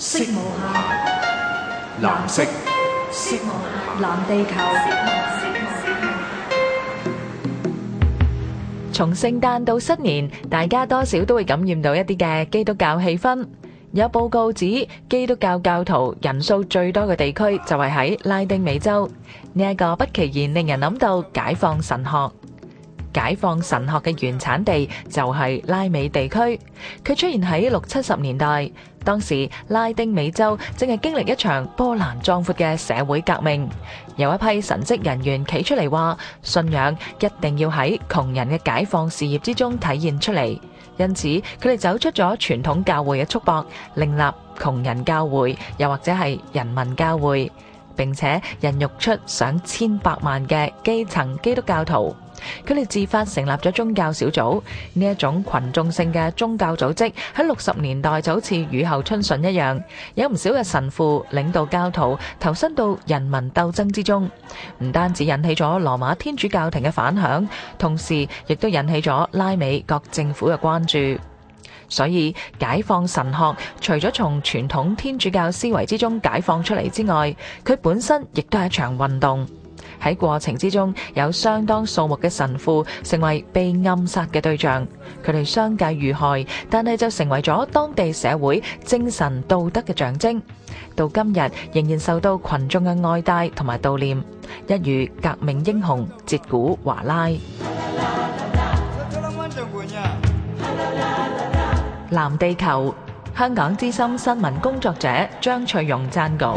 色無限，藍色。色無限，藍地球。從聖誕到新年，大家多少都會感染到一啲嘅基督教氣氛。有報告指，基督教教徒人數最多嘅地區就係喺拉丁美洲。呢一個不期然令人諗到解放神學。解放神學嘅原產地就係拉美地區，佢出現喺六七十年代。當時，拉丁美洲正係經歷一場波瀾壯闊嘅社會革命。有一批神職人員企出嚟話，信仰一定要喺窮人嘅解放事業之中體現出嚟。因此，佢哋走出咗傳統教會嘅束縛，另立窮人教會，又或者係人民教會。並且，孕育出上千百萬嘅基層基督教徒。佢哋自發成立咗宗教小組，呢一種群衆性嘅宗教組織喺六十年代就好似雨後春笋一樣，有唔少嘅神父領導教徒投身到人民鬥爭之中，唔單止引起咗羅馬天主教廷嘅反響，同時亦都引起咗拉美各政府嘅關注。所以，解放神學除咗從傳統天主教思維之中解放出嚟之外，佢本身亦都係一場運動。喺過程之中，有相當數目嘅神父成為被暗殺嘅對象，佢哋相繼遇害，但係就成為咗當地社會精神道德嘅象徵，到今日仍然受到羣眾嘅愛戴同埋悼念，一如革命英雄哲古華拉。藍地球香港資深新聞工作者張翠容撰稿。